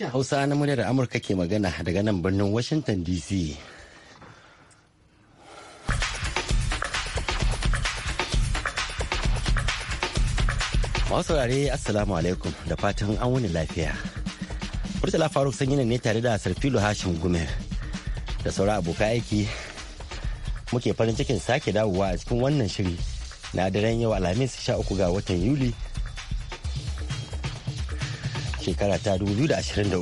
Sashen Hausa na muryar Amurka ke magana daga nan birnin Washington DC. Masu saurare Assalamu alaikum da fatan an wuni lafiya. Murtala Faruk sanyi ne tare da Sarfilo Hashim Gumer da sauran abokan aiki muke farin cikin sake dawowa a cikin wannan shiri na daren yau Alhamis 13 ga watan Yuli shekara ta 2023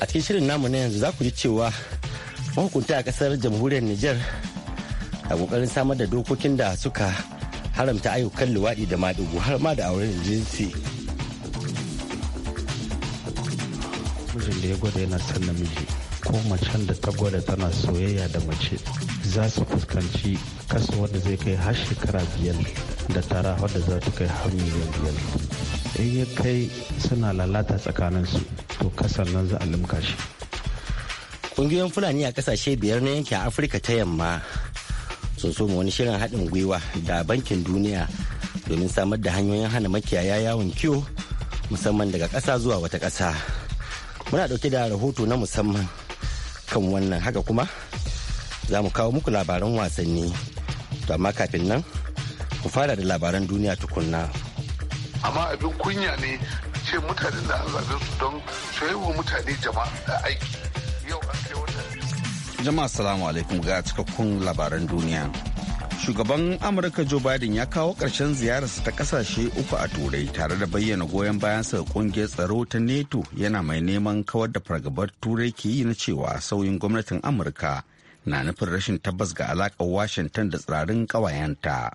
a cikin shirin namu na yanzu za ku ji cewa mahukunta a kasar jamhuriyar niger a kokarin samar da dokokin da suka haramta ayyukan luwaɗi da maɗigo har ma da auren jinsi. Mijin da ya gwada yana son namiji ko macen da ta gwada tana soyayya da mace za su fuskanci kaso wanda zai kai har shekara biyar da tara wadda za ta kai har miliyan biyar in ya kai suna lalata tsakaninsu to kasar nan za a limka shi ƙungiyoyin fulani a ƙasashe biyar na yankin afirka ta yamma sun soma wani shirin haɗin gwiwa da bankin duniya domin samar da hanyoyin hana makiyaya yawon kiwo musamman daga ƙasa zuwa wata ƙasa muna ɗauke da rahoto na musamman kan wannan haka kuma za mu kawo muku labaran wasanni to amma kafin nan ku fara da labaran duniya tukunna amma abin kunya ne ce mutanen da an zaɓe su don su mutane jama'a aiki yau an kai wata jama'a salamu alaikum ga cikakkun labaran duniya shugaban amurka joe biden ya kawo ƙarshen ziyararsa ta ƙasashe uku a turai tare da bayyana goyon bayansa ga ƙungiyar tsaro ta neto yana mai neman kawar da fargabar turai ke yi na cewa sauyin gwamnatin amurka na nufin rashin tabbas ga alakar washington da tsirarin ƙawayenta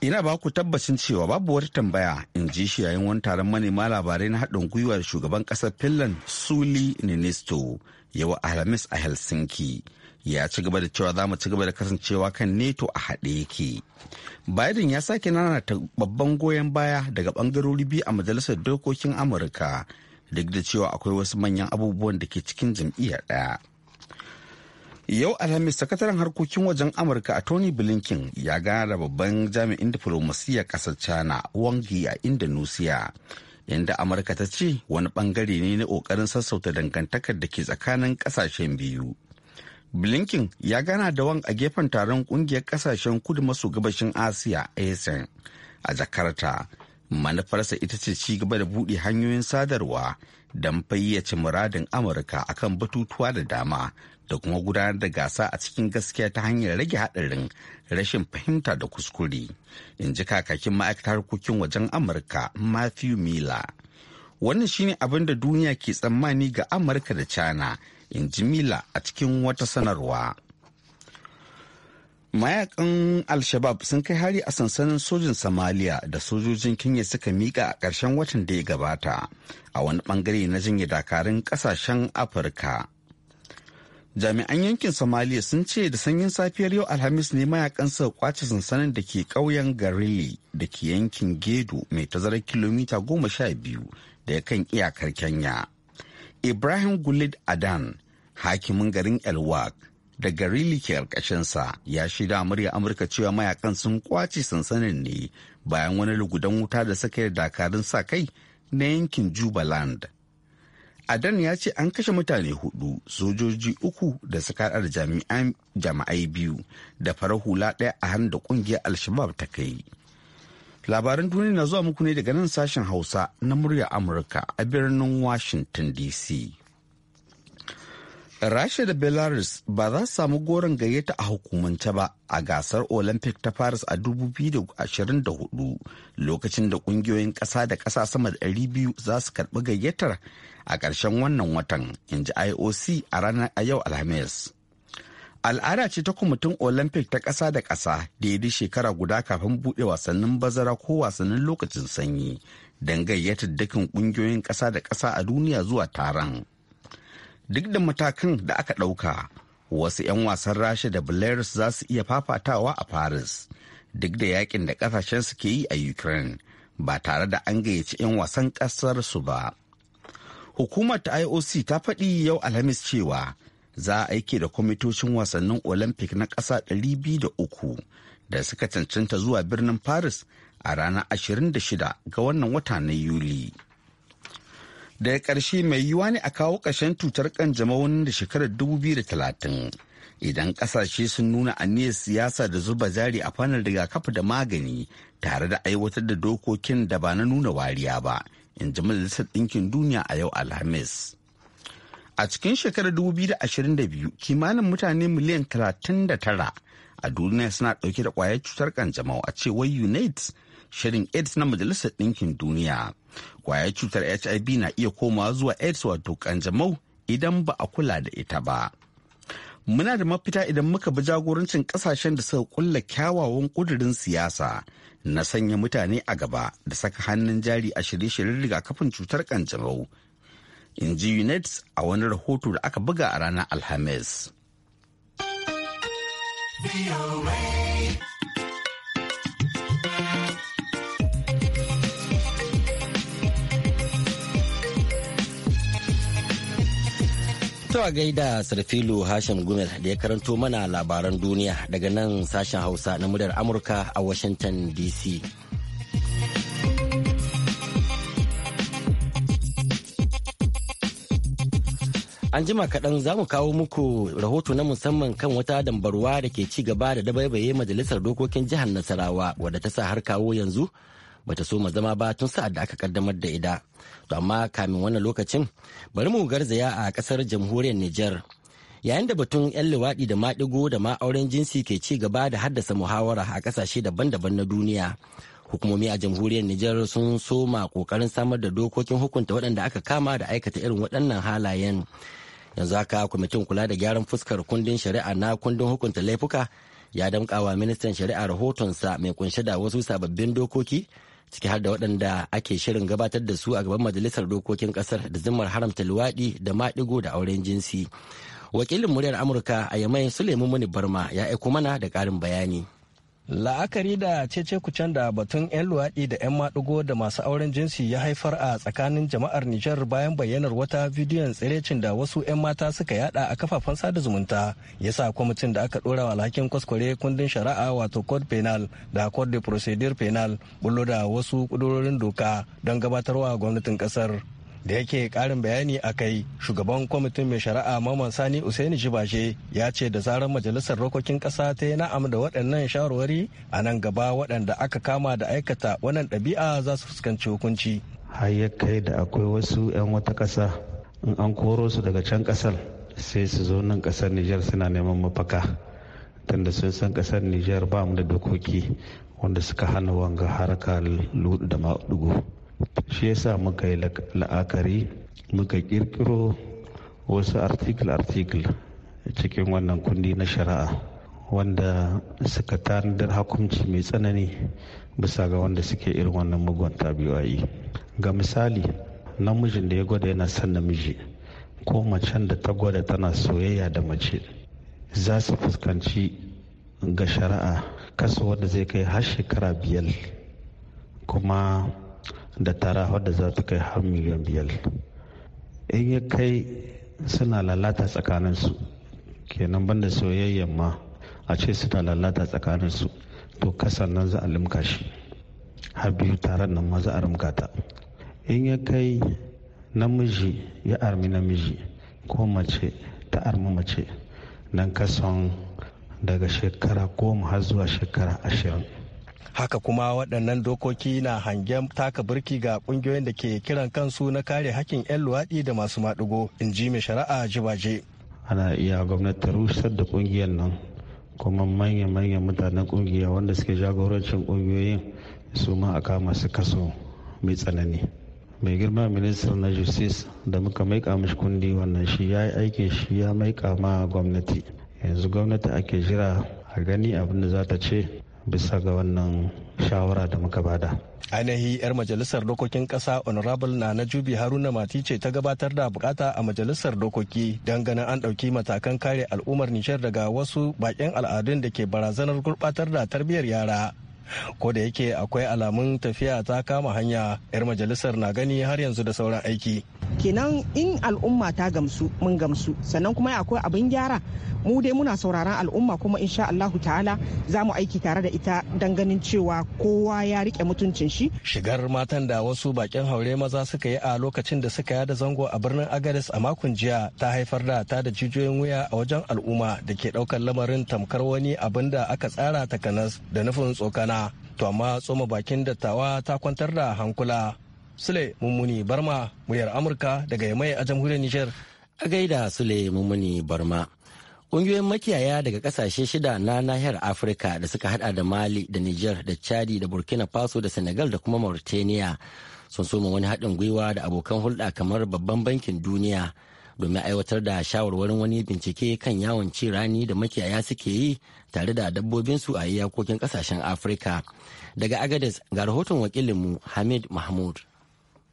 ina ba ku tabbacin cewa babu wata tambaya in ji shi yayin wani taron manema labarai na haɗin gwiwar shugaban ƙasar finland suli ninisto yawa alhamis a helsinki ya ci gaba da cewa za mu ci gaba da kasancewa kan neto a haɗe yake biden ya sake nanata babban goyon baya daga ɓangarori biyu a majalisar dokokin amurka duk da cewa akwai wasu manyan abubuwan da ke cikin jam'iyyar ɗaya Yau Alhamis sakataren harkokin wajen Amurka a Tony Blinken ya gana da babban jami'in diflomasiyyar ƙasar China wangi a Indonesia. Inda Amurka ta ce wani bangare ne na kokarin sassauta dangantakar da ke tsakanin kasashen biyu. Blinken ya gana da Wang a gefen taron kungiyar kasashen kudu maso gabashin Asiya asian a Jakarta. Manufarsa ita ce ci gaba da buɗe hanyoyin sadarwa don fayyace muradin amurka akan batutuwa da dama da kuma gudanar da gasa a cikin gaskiya ta hanyar rage haɗarin rashin fahimta da kuskure in ji kakakin ma'aikatar harkokin wajen amurka matthew miller wannan shine abin da duniya ke tsammani ga amurka da china in ji miller a cikin wata sanarwa. mayakan al-shabab sun kai hari a sansanin sojin samaliya da sojojin kenya suka mika a ƙarshen watan da ya gabata a wani bangare na jinya dakarun ƙasashen afirka jami'an yankin somalia sun ce da sanyin safiyar yau alhamis ne mayakan suka kwace sansanin da ke ƙauyen garili da ke yankin gedo mai tazarar kilomita goma sha biyu da ya kan iyakar kenya ibrahim gulid adan hakimin garin elwak da gari ke ƙarƙashinsa ya shida murya amurka cewa mayakan sun kwace sansanin ne bayan wani lugudan wuta da suka yi dakarun sa kai na yankin jubaland adan ya ce an kashe mutane hudu sojoji uku da suka da jama'ai biyu da farar hula ɗaya a hannun da ƙungiyar alshabab ta kai labaran duniya na zuwa muku ne daga nan sashen hausa na murya amurka a birnin washington dc Rasha da Belarus ba za su samu goron gayyata a hukumance ba a gasar Olympic ta Paris a 2024 lokacin da kungiyoyin ƙasa da ƙasa sama da 200 za su karɓi gayyatar a ƙarshen wannan watan, in ji IOC a ranar a yau Alhamis. Al'ada ce ta kwamitin Olympic ta ƙasa da ƙasa da ya shekara guda kafin buɗe wasannin bazara ko wasannin lokacin sanyi don gayyatar dukkan ƙungiyoyin ƙasa da ƙasa a duniya zuwa taron. duk da matakan da aka ɗauka wasu 'yan wasan rasha da belarus za su iya fafatawa a paris duk da yakin da kasashen suke yi a ukraine ba tare da an gayyaci 'yan wasan ƙasar su ba hukumar ta ioc ta faɗi yau alhamis cewa za a aike da kwamitocin wasannin olympic na ƙasa 203 da suka cancanta zuwa birnin paris a ranar 26 ga wannan wata na yuli. daga ƙarshe mai yiwa ne a kawo ƙarshen cutar kanjamau da shekarar 2030 idan ƙasashe sun nuna aniyar siyasa da zuba jari a fannin rigakafi da magani tare da aiwatar da dokokin da ba na nuna wariya ba in ji majalisar ɗinkin duniya a yau alhamis a cikin shekarar 2022 kimanin mutane miliyan tara a duniya suna ɗauke da ƙwayar cutar kanjamau a cewar unites shirin aids na majalisar ɗinkin duniya kwayar cutar hiv na iya komawa zuwa aids wato kanjamau idan ba a kula da ita ba muna da mafita idan muka bi jagorancin kasashen da suka kulla kyawawan kudurin siyasa na sanya mutane a gaba da saka hannun jari a shirye-shiryen rigakafin cutar kanjamau in ji units a wani rahoto da aka buga a ranar alhamis. To a gaida Sarfilu Hashim Gumel da ya karanto mana labaran duniya daga nan sashen Hausa na muryar Amurka a Washington DC. An jima kaɗan za mu kawo muku rahoto na musamman kan wata dambarwa da ke ci gaba da dabaibaye majalisar dokokin jihar Nasarawa wadda ta sa har kawo yanzu bata so mu zama ba tun sa'ad da aka kaddamar da ida to amma kamin wannan lokacin bari mu garzaya a kasar jamhuriyar Nijar yayin da batun 'yan luwaɗi da maɗigo da ma auren jinsi ke ci gaba da haddasa muhawara a kasashe daban-daban na duniya hukumomi a jamhuriyar Nijar sun soma kokarin samar da dokokin hukunta waɗanda aka kama da aikata irin waɗannan halayen yanzu haka kwamitin kula da gyaran fuskar kundin shari'a na kundin hukunta laifuka ya damƙawa ministan shari'a rahotonsa mai kunshe da wasu sababbin dokoki ciki har da waɗanda ake shirin gabatar da su a gaban majalisar dokokin ƙasar da zimmar haramta luwaɗi da maɗigo da auren jinsi wakilin muryar amurka a yamai suleiman muni barma ya aiko mana da ƙarin bayani la'akari da cece kucen da batun 'yan luwaɗi da 'yan maɗigo da masu auren jinsi ya haifar a tsakanin jama'ar nijar bayan bayyanar wata bidiyon tsirecin da wasu 'yan mata suka yada a kafafen sada zumunta ya sa kwamitin da aka ɗora alhakin kwaskware kundin shari'a wato code penal da code de procedure penal bullo da wasu ƙudurorin doka don gabatarwa gwamnatin ƙasar da yake karin bayani a kai shugaban kwamitin mai shari'a maman sani usaini jibaje ya ce da zarar majalisar rokokin kasa ta yi na'am da waɗannan shawarwari a nan gaba waɗanda aka kama da aikata wannan ɗabi'a za su fuskanci hukunci har ya kai da akwai wasu 'yan wata ƙasa in an koro su daga can ƙasar sai su zo nan ƙasar nijar suna neman mafaka tunda sun san ƙasar nijar ba mu da dokoki wanda suka hana wanga harkar ludu da maɗugo shi yasa muka yi la'akari muka kirkiro wasu article-article cikin wannan kundi na shari'a wanda suka tanadar hukunci mai tsanani bisa ga wanda suke irin wannan mugunta biwayi ga misali namijin da ya gwada yana son namiji ko macen da ta gwada tana soyayya da mace za su fuskanci ga shari'a kaso wanda zai kai har shekara biyar kuma da tara wadda za ta kai har miliyan biyar in ya kai suna lalata tsakaninsu kenan banda soyayyen ma a ce suna lalata tsakaninsu to kasan nan za a limka shi har biyu taron nan ma za a rimka ta in ya kai namiji ya armi namiji ko mace ta armi mace nan kason daga shekara goma har zuwa shekara ashirin haka kuma waɗannan dokoki na hangen taka birki ga ƙungiyoyin da ke kiran kansu na kare hakkin 'yan luwaɗi da masu maɗigo in ji mai shari'a jibaje ana iya gwamnati rusar da ƙungiyar nan kuma manya-manyan mutanen ƙungiya wanda suke jagorancin ƙungiyoyin su ma a kama su kaso mai tsanani mai girma ministan na justice da muka maika mishi kundi wannan shi ya yi aikin shi ya maika ma gwamnati yanzu gwamnati ake jira a gani abin da za ta ce bisa ga wannan shawara da muka bada. ainihi 'yar majalisar dokokin kasa honorable na na jubi haruna mati ce ta gabatar da bukata a majalisar dokoki don ganin an ɗauki matakan kare al'ummar nishar daga wasu baƙin al'adun da ke barazanar gurɓatar da tarbiyyar yara ko da yake akwai alamun tafiya ta kama hanya yar majalisar na gani har yanzu da sauran aiki kenan in al'umma ta gamsu mun gamsu sannan kuma akwai abin gyara mu dai muna sauraron al'umma kuma insha Allah ta'ala za mu aiki tare da ita don ganin cewa kowa ya rike mutuncin shi shigar matan da wasu bakin haure maza suka yi a lokacin da suka yada zango a birnin agaris a makon jiya ta haifar da ta da jijiyoyin wuya a wajen al'umma da ke daukar lamarin tamkar wani abin da aka tsara takanas da nufin tsokana to amma tsoma bakin dattawa ta kwantar da hankula sule mummuni barma muryar amurka daga yamai a jamhuriyar nijar a gaida sule mummuni barma Ƙungiyoyin makiyaya daga ƙasashe shida na nahiyar Afirka da suka hada da Mali da Nijar da Chadi da Burkina Faso da Senegal da kuma Mauritania sun soma wani haɗin gwiwa da abokan hulɗa kamar Babban Bankin Duniya domin aiwatar da shawarwarin wani bincike kan yawon ci rani da makiyaya suke yi tare da dabbobinsu a iyakokin kasashen afirka daga agades ga rahoton wakilinmu hamid mahmud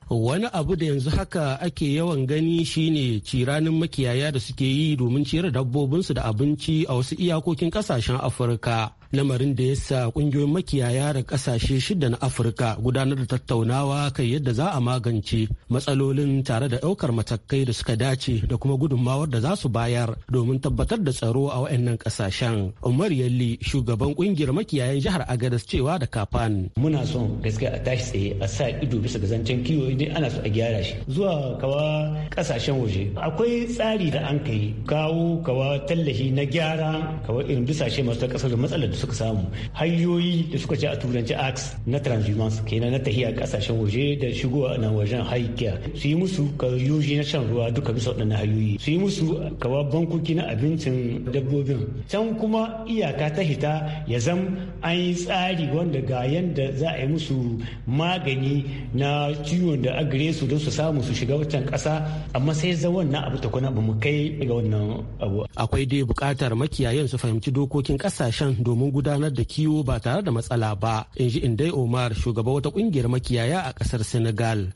wani abu da yanzu haka ake yawan gani shine ciranin makiyaya da suke yi domin ciyar dabbobinsu da abinci a wasu iyakokin kasashen afirka lamarin da ya sa kungiyoyin makiyaya da kasashe shida na afirka gudanar da tattaunawa kan yadda za a magance matsalolin tare da ɗaukar matakai da suka dace da kuma gudunmawar da za su bayar domin tabbatar da tsaro a wayannan kasashen umar yalli shugaban kungiyar makiyayan jihar agadas cewa da kafan muna son gaskiya a tashi tsaye a sa ido bisa ga zancen kiwo idan ana so a gyara shi zuwa kawa kasashen waje akwai tsari da an kai kawo kawa tallahi na gyara kawa irin bisashe masu kasar matsalar suka samu hanyoyi da suka ce a turanci ax na transhumance kenan na tahiya kasashen waje da shigowa na wajen haikiya su yi musu kayoyi na shan ruwa duka bisa waɗannan hanyoyi su yi musu kawa bankoki na abincin dabbobin can kuma iyaka ta hita ya zam an yi tsari wanda ga yanda za a yi musu magani na ciwon da agire su don su samu su shiga wancan ƙasa amma sai zawon na abu tukuna ba mu kai ga wannan abu akwai dai bukatar makiyayan su fahimci dokokin kasashen domin domin gudanar da kiwo ba tare da matsala ba in ji indai omar shugaba wata kungiyar makiyaya a kasar senegal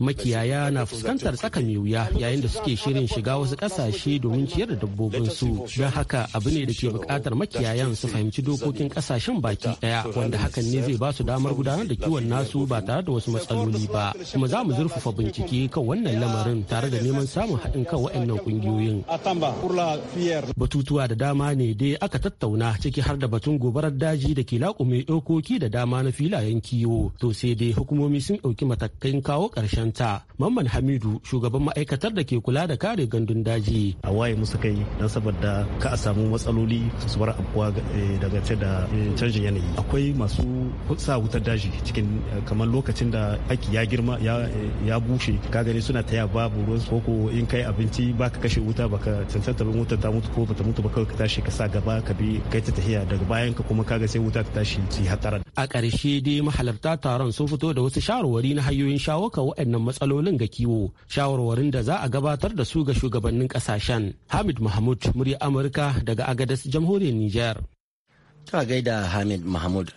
makiyaya na fuskantar tsaka mai wuya yayin da suke shirin shiga wasu kasashe domin ciyar da dabbobinsu don haka abu ne da ke bukatar makiyayan su fahimci dokokin kasashen baki daya wanda hakan ne zai ba su damar gudanar da kiwon nasu ba tare da wasu matsaloli ba kuma za mu zurfafa bincike kan wannan lamarin tare da neman samun haɗin kan waɗannan kungiyoyin batutuwa da dama ne dai aka tattauna tattauna ciki har da batun gobarar daji da ke laƙume dokoki da dama na filayen kiwo to sai dai hukumomi sun ɗauki matakan kawo ƙarshen ta mamman hamidu shugaban ma'aikatar da ke kula da kare gandun daji a waye musu kai don saboda ka a samu matsaloli su bar abuwa eh, daga ce da eh, canjin yanayi akwai masu sa wutar daji cikin eh, kamar lokacin da aiki ya girma ya bushe ka gani suna taya babu ruwan ko in kai abinci baka kashe wuta baka cancanta bin wutar ta mutu ko bata mutu ba kawai ka tashi ka sa gaba ka bi kai ta tafiya daga bayan ka kuma kaga sai wuta ta tashi ci hatara a ƙarshe dai mahalarta taron sun fito da wasu shawarwari na hanyoyin shawo kan waɗannan matsalolin ga kiwo shawarwarin da za a gabatar da su ga shugabannin kasashen hamid mahmud murya amurka daga agadas jamhuriyar niger ta gaida hamid mahmud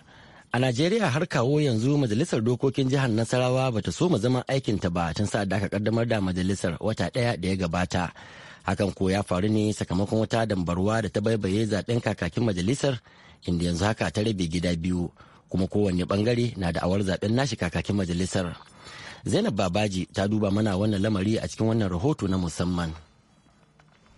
A Najeriya har kawo yanzu majalisar dokokin jihar Nasarawa bata so mu zama aikinta ba tun sa da aka kaddamar da majalisar wata ɗaya da ya gabata. hakan ko ya faru ne sakamakon wata dambarwa da ta baibaye zaben kakakin majalisar inda yanzu haka ta rabe gida biyu kuma kowanne bangare na da awar zaben nashi kakakin majalisar zainab babaji ta duba mana wannan lamari a cikin wannan rahoto na musamman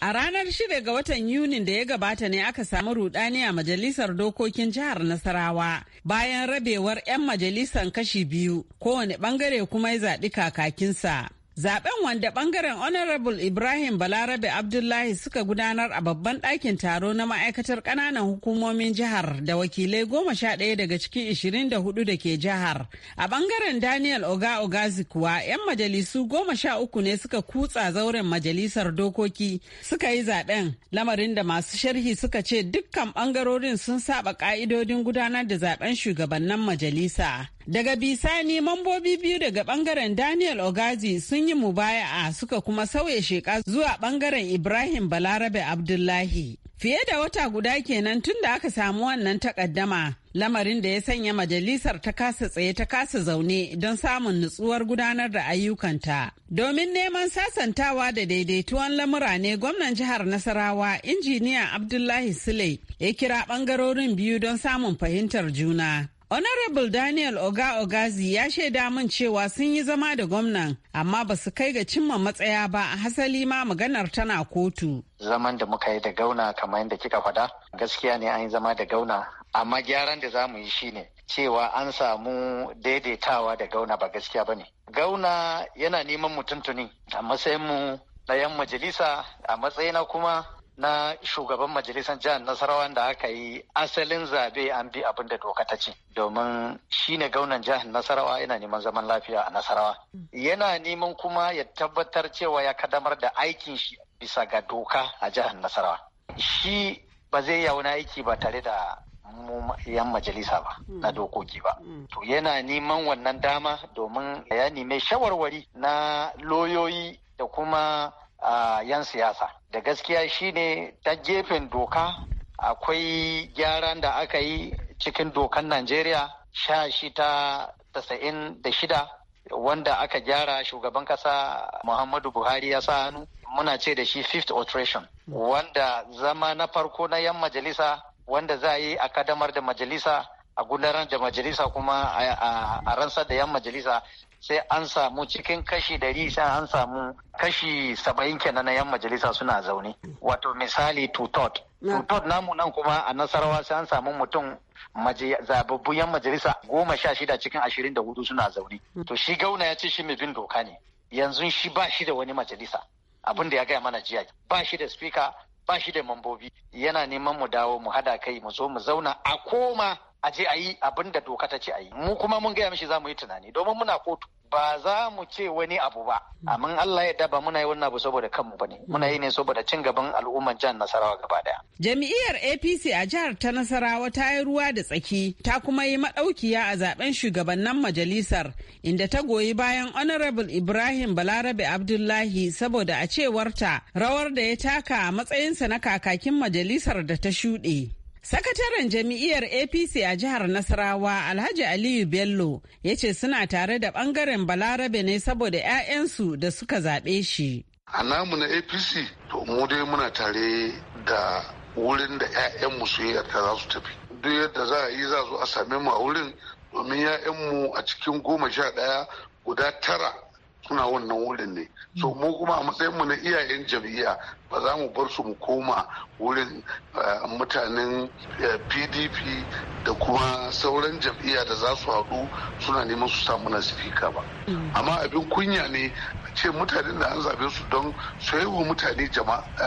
A ranar shida ga watan Yunin da ya gabata ne aka samu rudani a majalisar dokokin jihar Nasarawa bayan rabewar 'yan majalisar kashi biyu kowane bangare kuma ya zaɓi kakakinsa. Zaben wanda bangaren Honorable Ibrahim Balarabe Abdullahi suka gudanar a babban ɗakin taro na ma'aikatar ƙananan hukumomin jihar da wakilai goma sha ɗaya daga cikin ishirin da hudu da ke jihar. A bangaren Daniel Oga Ogazi kuwa 'yan majalisu goma sha uku ne suka kutsa zauren majalisar dokoki suka yi zaben lamarin da masu sharhi suka ce dukkan bangarorin sun saba ka'idodin gudanar da zaben shugabannin majalisa. Daga bisani mambobi biyu daga bangaren Daniel Ogazi sun yi mubaya'a suka kuma sauya sheka zuwa bangaren Ibrahim Balarabe Abdullahi. Fiye da wata guda kenan tun da aka samu wannan takaddama lamarin da ya sanya majalisar ta kasa tsaye ta kasa zaune don samun nutsuwar gudanar da ayyukanta. Domin neman sasantawa da daidaituwan lamura ne gwamnan jihar Nasarawa injiniya Abdullahi Sule ya kira bangarorin biyu don samun fahimtar juna. Honorable Daniel Oga Ogazi ya shaida min cewa sun yi zama da gwamnan amma ba su kai ga cimma matsaya ba a hasali ma maganar tana kotu. Zaman da muka yi da gauna kamar yadda kika faɗa gaskiya ne an yi zama da gauna amma gyaran da za mu yi ne cewa an samu daidaitawa da gauna ba gaskiya ba ne. Gauna yana neman mutuntuni a matsayin mu na yan majalisa a matsayina kuma na shugaban majalisar jihar Nasarawa da aka yi asalin zabe an bi abin da doka ta ce domin shine gaunan jihar Nasarawa yana neman zaman lafiya a Nasarawa. Yana neman kuma ya tabbatar cewa ya kadamar da aikin shi bisa ga doka a jihar Nasarawa. Shi ba zai yi wani aiki ba tare da mu yan majalisa ba na hmm. dokoki ba. Hmm. To yana neman wannan dama domin ya nemi shawarwari na loyoyi da kuma 'yan siyasa da gaskiya shine ta gefen doka akwai gyaran da aka yi cikin dokan najeriya sha shi ta tasa'in da shida wanda aka gyara shugaban kasa muhammadu buhari ya sa hannu muna ce da shi fifth alteration wanda zama na farko na 'yan majalisa wanda za a yi a kadamar da majalisa a gudanar da majalisa kuma a ransar da 'yan majalisa sai an samu cikin kashi dari sai an samu kashi saba'in kenan na yan majalisa suna zaune wato misali tutot tutot namu nan kuma a nasarawa sai an samu mutum zababbu yan majalisa goma sha shida cikin ashirin da hudu suna zaune hmm. to shi gauna ya ce shi mai bin doka ne yanzu shi ba shi da wani majalisa abin da ya gaya mana jiya ba shi da speaker ba shi da mambobi yana neman mu dawo mu hada kai mu zo mu zauna a koma a je a yi abin da doka ta ce a yi mu kuma mun gaya mishi za mu yi tunani domin muna kotu ba za mu ce wani abu ba amma Allah ya daba muna yi wannan abu saboda kanmu bane muna yi ne saboda cin gaban al'ummar jihar Nasarawa gaba daya Jami'iyar APC a jihar ta Nasarawa ta yi ruwa da tsaki ta kuma yi maɗaukiya a zaben shugabannin majalisar inda ta goyi bayan Honorable Ibrahim Balarabe Abdullahi saboda a cewarta rawar da ya taka a matsayinsa na kakakin majalisar da ta shuɗe Sakataren jami'iyar APC a jihar Nasarawa Alhaji Aliyu Bello ya ce suna tare da ɓangaren Balarabe ne saboda 'ya'yansu da suka zaɓe shi. A namu na APC to mu dai muna tare da wurin da 'ya'yanmu su yi za su tafi. Duk yadda za a yi za su a same mu a wurin domin 'ya'yanmu a cikin goma sha ɗaya guda tara suna wannan wurin ne. So mu kuma a matsayin mu na iyayen jami'a ba za mu bar su mu koma wurin eh, mutanen pdp eh, da kuma sauran jam'iyya da za su haɗu suna neman su samu na sifika ba mm. amma abin kunya ne ce mutane da an zabe su don su yi wa mutane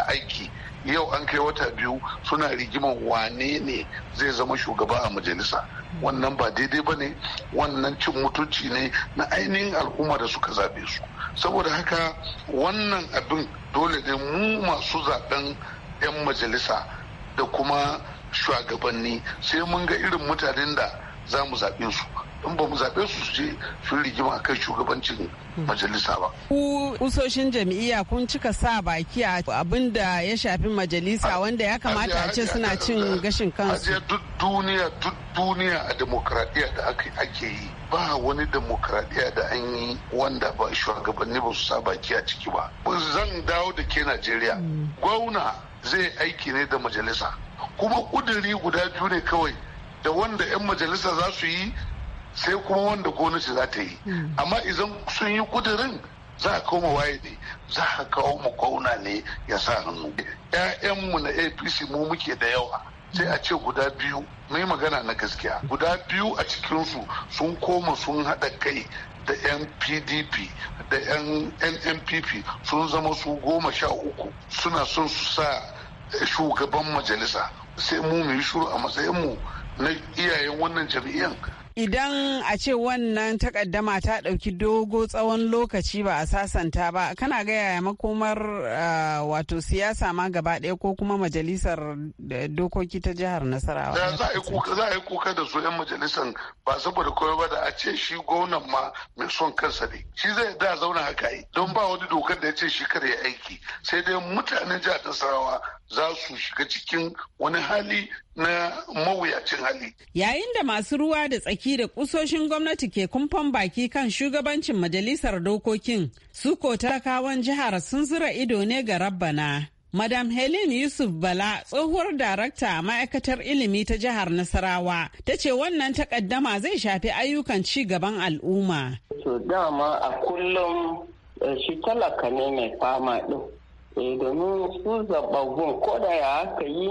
aiki yau an kai wata biyu suna rigiman wane ne zai zama shugaba a majalisa wannan ba daidai ba ne wannan cin mutunci ne na ainihin al'umma da suka zabe su saboda haka wannan abin dole ne mu masu zaben 'yan majalisa da kuma shugabanni sai mun ga irin mutanen da za mu zaɓe su in ba mu zaɓe su je sun rigima a kai shugabancin majalisa ba. Ku usoshin jam'iyya kun cika sa baki a abin da ya shafi majalisa wanda ya kamata a ce suna cin gashin kansu. A duk duniya duk duniya a demokaradiyya da ake yi ba wani demokaradiyya da an yi wanda ba shugabanni ba su sa baki a ciki ba. Zan dawo da ke Najeriya. Mm. Gwamna zai aiki ne da majalisa. Kuma kuduri guda biyu ne kawai da wanda 'yan majalisa za su yi sai kuma wanda gwamnati za ta yi hmm. amma idan sun yi kudurin za a koma waye ne za a kawo mu kwauna ne ya sa hannu mu na apc mu muke da yawa sai a ce guda biyu mai magana na gaskiya guda biyu a cikinsu sun koma sun haɗa kai da yan pdp da yan nnpp sun zama su goma sha uku suna son su sa shugaban majalisa sai mu mu yi shuru a mu na iyayen wannan jam'iyyar idan a ce wannan takaddama ta ɗauki dogo tsawon lokaci ba a sasanta ba kana gaya makomar ah, wato siyasa ma gaba ɗaya ko kuma majalisar eh, dokoki ta jihar nasarawa za a yi kuka da su 'yan majalisar ba saboda kawai ba da a ce shi gonan ma mai son kansa ne shi zai da zauna haka yi don ba wani dokar da ya ce shi kare aiki sai dai mutanen jihar nasarawa za su shiga cikin wani hali na mawuyacin hali. Yayin da masu ruwa da tsaki da kusoshin gwamnati ke kumfan baki kan shugabancin majalisar dokokin, su ko talakawan jihar sun zura ido ne ga rabbana. Madam Helen Yusuf Bala, tsohuwar darakta a ma'aikatar ilimi ta jihar Nasarawa, ta ce wannan takaddama zai shafi ayyukan ci gaban al'umma. To dama a kullum eh, shi talaka ne mai fama ɗin. Eh, domin su zaɓaɓɓun ko da ya aka yi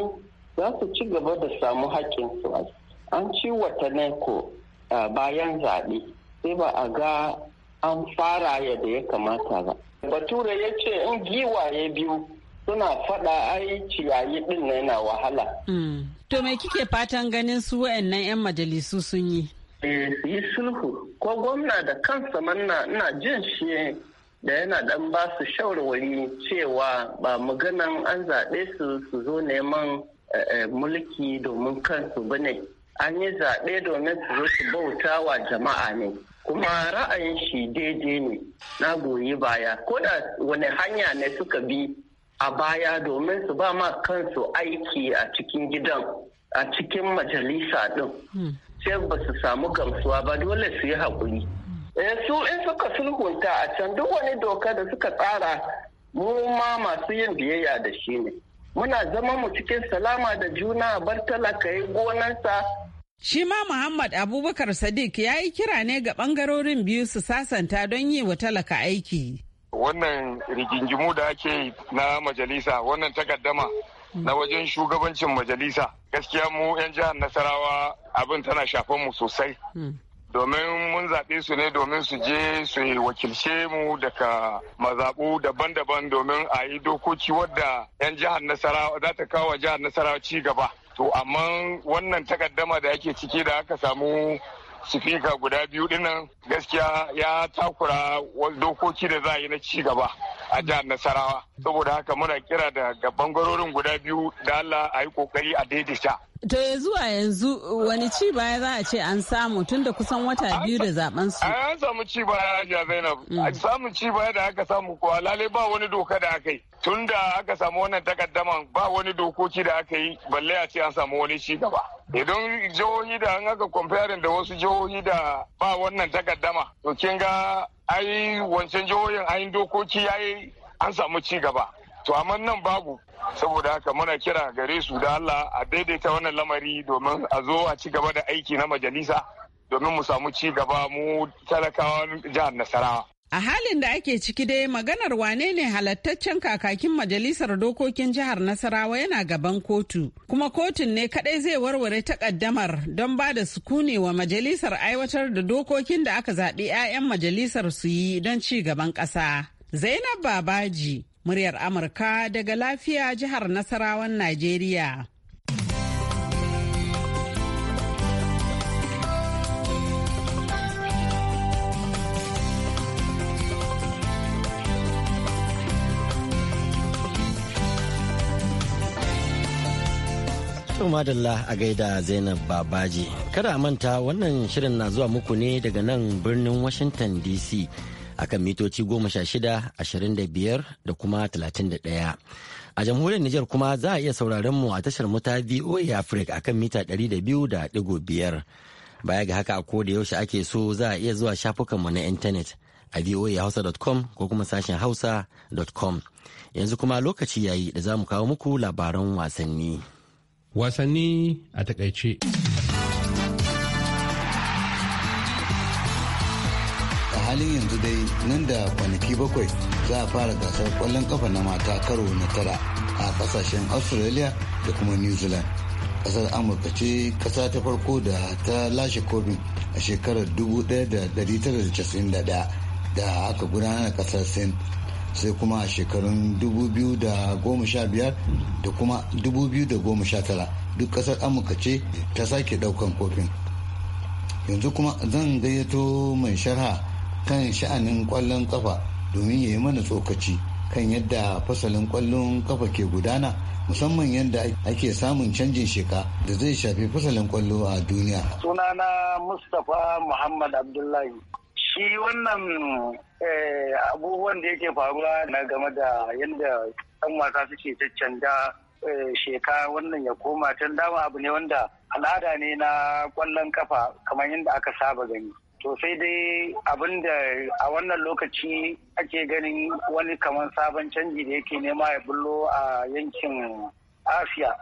za su ci gaba da samu haƙƙinsu an ci wata neko bayan zaɓe sai ba a ga an fara yadda ya kamata ba bature ya ce in giwaye biyu suna faɗa ai ciyayi ɗin na yana wahala hmm. to mai kike fatan ganin su wayannan 'yan majalisu sun yi eh, yi sulhu ko gwamna da kansa manna ina jin shi da yana dan ba su shawarwari cewa ba maganan an zaɓe su su zo neman Eh, mulki domin kansu ba ne an yi zaɓe domin su zo su bauta wa jama'a ne kuma ra'ayin shi daidai ne na goyi baya ko da wani hanya ne suka bi a baya domin su ba ma kansu aiki a cikin gidan a cikin majalisa ɗin hmm. sai ba su samu gamsuwa ba dole su yi haƙuri eh, su in suka sulhunta a can duk wani doka da suka tsara mu ma masu yin biyayya da shi ne muna zama mu cikin salama da juna bar talaka yi gonansa Shi ma Muhammad Abubakar Sadiq ya yi kira ne ga ɓangarorin biyu su sasanta don yi wa talaka aiki. Wannan rigingimu da ake na majalisa wannan takaddama na wajen shugabancin majalisa gaskiya mu 'yan jihar Nasarawa abin tana shafan mu sosai. Hmm. domin mun zaɓe su ne domin su je su wakilce mu daga mazaɓu daban-daban domin a yi dokoki wadda 'yan jihar nasarawa za ta kawo jihar nasarawa ci gaba to amma wannan takaddama da ake ciki da aka samu sifika guda biyu dinnan gaskiya ya takura dokoki da za a yi na ci gaba a jihar nasarawa saboda haka muna kira da gaban garorin guda biyu da allah a yi kokari a daidaita To ya zuwa yanzu wani ci baya za a ce an samu tun da kusan wata biyu da zaben su. An samu ci baya ya Zainab. Mm. A samu ci baya da aka samu ko alale ba wani doka da aka yi. Tun da aka samu wannan takaddaman ba wani dokoki da aka yi balle a ce an samu wani ci gaba. Idan jihohi da an aka comparing da wasu jihohi da ba wannan takaddama to kin ga ai wancan jihohin ai dokoki yayi an samu ci gaba. to amma nan babu saboda haka muna kira gare su da Allah a daidaita wannan lamari domin a zo a ci gaba da aiki na majalisa domin mu samu ci gaba mu talakawa jihar Nasarawa. A halin da ake ciki dai maganar wane ne halattaccen kakakin majalisar dokokin jihar Nasarawa yana gaban kotu, kuma kotun ne kadai zai warware takaddamar don ba da sukune wa majalisar aiwatar da dokokin da aka zaɓi 'ya'yan majalisar su yi don ci gaban ƙasa. Zainab Babaji, Muryar Amurka daga lafiya jihar Nasarawan Najeriya. To madalla a gaida Zainab Babaji. Kada a manta wannan shirin na zuwa muku ne daga nan birnin Washington DC. akan mitoci goma sha shida ashirin da biyar da kuma talatin da ɗaya. A jamhuriyar Nijar kuma za a iya sauraron mu a tashar mu ta VOA Africa akan mita ɗari da biyu da biyar. Baya ga haka a ko da yaushe ake so za a iya zuwa shafukan mu na intanet a voahausa.com ko kuma sashen hausa.com. Yanzu kuma lokaci yayi da za mu kawo muku labaran wasanni. Wasanni a takaice. halin yanzu dai nan da kwanaki bakwai za a fara gasar kwallon kafa na mata karo na tara a kasashen australia da kuma new zealand kasar amurka ce kasa ta farko da ta lashe kobin a shekarar 1991 da aka gudanar kasar sin sai kuma a shekarun 2015 da kuma 2019 duk kasar amurka ce ta sake daukan kofin yanzu kuma zan gayyato mai sharha kan sha'anin kwallon kafa domin ya yi mana tsokaci kan yadda fasalin kwallon kafa ke gudana musamman yadda ake samun canjin sheka da zai shafi fasalin kwallo a duniya. Sunana Mustapha Muhammad Abdullahi. Shi wannan eh, abubuwan da yake faruwa na game da yadda ɗan wasa suke canja eh, sheka wannan ya koma can dama abu ne wanda al'ada ne na kwallon kafa kamar yadda aka saba gani. Sosai dai abinda a wannan lokaci ake ganin wani kamar sabon canji da yake nema ya bullo a yankin asiya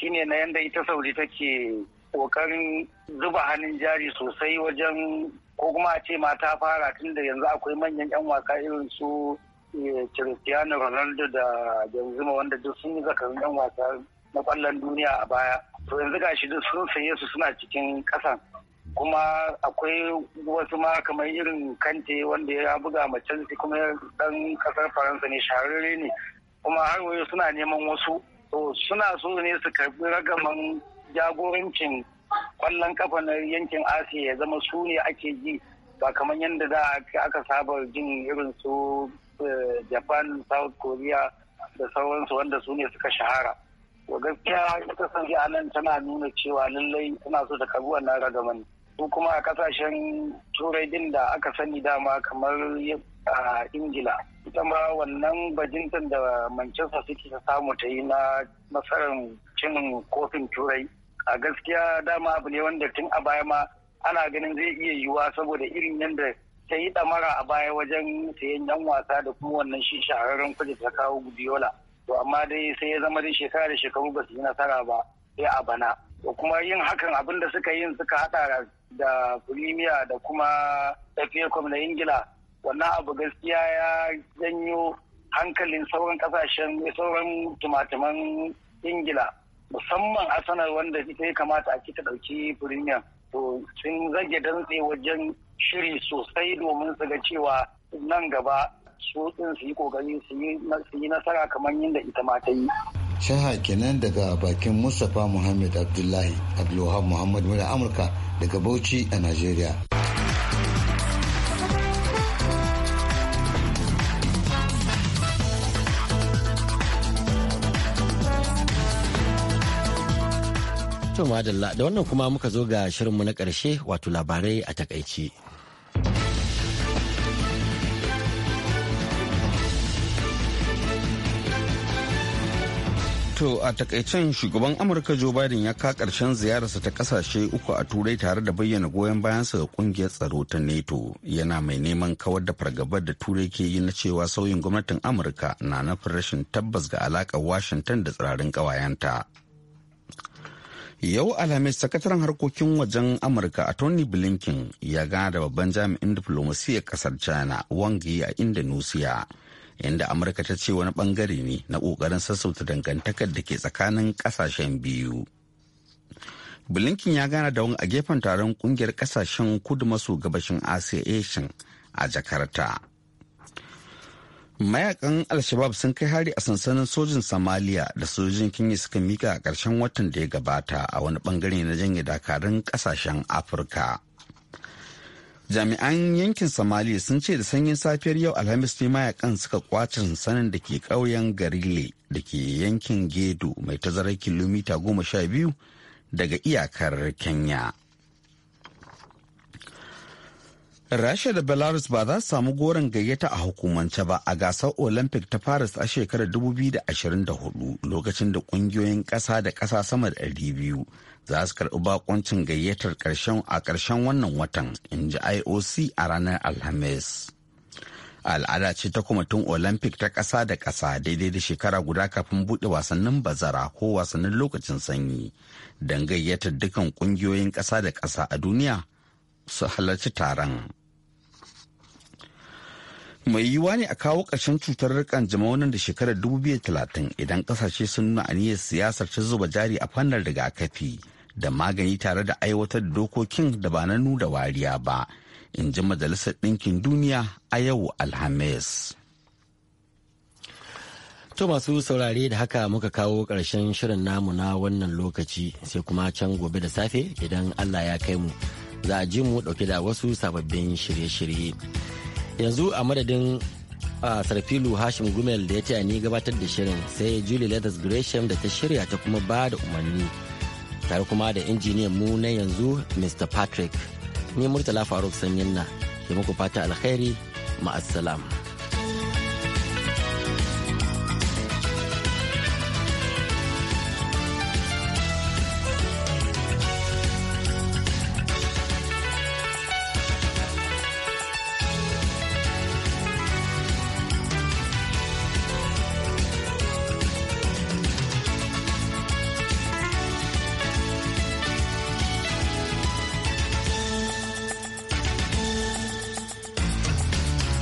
shine na yadda ita saudi take kokarin zuba hannun jari sosai wajen ko kuma a ce mata fara tunda yanzu akwai manyan 'yan wasa irin su eh, cristiano ronaldo da benzema wanda duk sun yi zakarun 'yan wasa na kwallon duniya a baya to yanzu gashi duk sun saye su suna cikin kasan kuma akwai wasu ma kamar irin kante wanda ya buga ma chelsea kuma dan kasar faransa ne shahararre ne kuma har wayo suna neman wasu to suna so ne su karbi ragaman jagorancin kwallon kafa na yankin asiya ya zama su ne ake ji ba kamar yadda za aka saba jin irin su eh, japan south korea da sauransu wanda su ne suka shahara to gaskiya ita sanji anan tana nuna cewa lallai tana so ta karbi wannan ragaman ko kuma a kasashen turai din da aka sani dama kamar a ingila ita ma wannan bajintan da manchester city ta samu ta yi na nasarar cin kofin turai a gaskiya dama abu ne wanda tun a baya ma ana ganin zai iya yiwuwa saboda irin yadda ta yi damara a baya wajen sayan yan wasa da kuma wannan shi shahararren kudi ta kawo gudiola to amma dai sai ya zama dai shekara da shekaru ba su yi nasara ba sai a bana to kuma yin hakan abin da suka yin suka hada da Premier da kuma FA kwam na Ingila wannan abu gaskiya ya janyo hankalin sauran kasashen sauran tumatuman Ingila musamman Arsenal wanda ita ya kamata a ci ta ɗauki to sun zage dantse wajen shiri sosai domin su ga cewa nan gaba su su yi kokari su yi nasara kamar yadda ita ma ta yi. shaha kenan daga bakin mustapha muhammad abdullahi abdulwahab muhammad mura amurka daga bauchi a Najeriya. Tumadalla da wannan kuma muka zo ga shirinmu na ƙarshe wato labarai a takaici. To a takaicen shugaban Amurka Joe Biden ya ka karshen ziyararsa ta kasashe uku a turai tare da bayyana goyon bayansa ga kungiyar tsaro ta NATO yana mai neman kawar da fargabar da turai ke yi na cewa sauyin gwamnatin Amurka na nufin rashin tabbas ga alakar Washington da tsirarin kawayenta. Yau Alhamis sakataren harkokin wajen Amurka a Tony Blinken ya gana da babban jami'in diflomasiyyar kasar China wangi a Indonesia. inda amurka ta ce wani bangare ne na kokarin sassauta dangantakar da ke tsakanin kasashen biyu blinken ya gana da wani a gefen taron kungiyar kasashen kudu maso gabashin asiya a jakarta mayakan al sun kai hari a sansanin sojin somalia da sojin kenya suka mika a karshen watan da ya gabata a wani bangare na janye dakarun kasashen afirka jami'an yankin somaliya sun ce da sanyin safiyar yau alhamis ne mayakan suka kwace sansanin da ke ƙauyen garile da ke yankin gedo mai tazarar kilomita goma sha biyu daga iyakar kenya rasha da belarus ba za su samu goron gayyata a hukumance ba a gasar olympic ta paris a shekarar 2024 lokacin da kungiyoyin ƙasa da ƙasa sama da 200 za su karɓi bakoncin gayyatar ƙarshen a ƙarshen wannan watan in ji ioc a ranar alhamis al'ada ce ta kwamitin olympic ta ƙasa da ƙasa daidai da shekara guda kafin buɗe wasannin bazara ko wasannin lokacin sanyi don gayyatar dukkan ƙungiyoyin ƙasa da ƙasa a duniya su halarci taron mai yiwuwa ne a kawo ƙarshen cutar rikan nan da shekarar 2030 idan kasashe sun nuna aniyar siyasar ta zuba jari a fannar rigakafi da magani tare da aiwatar dokokin da ba na nuna wariya ba in ji majalisar ɗinkin duniya a yau alhamis To masu saurare da haka muka kawo ƙarshen shirin namu na wannan lokaci sai kuma can gobe da safe idan Allah ya kai mu za a ji mu ɗauke da wasu sababbin shirye-shirye. yanzu a madadin a sarfilu hashim gumel da ya taya ni gabatar da shirin sai julie letters gresham da ta shirya ta kuma ba da umarni tare kuma da injiniyan mu na yanzu mr patrick ni murtala faruk sanyin na ke muku fata alkhairi ma'assalam.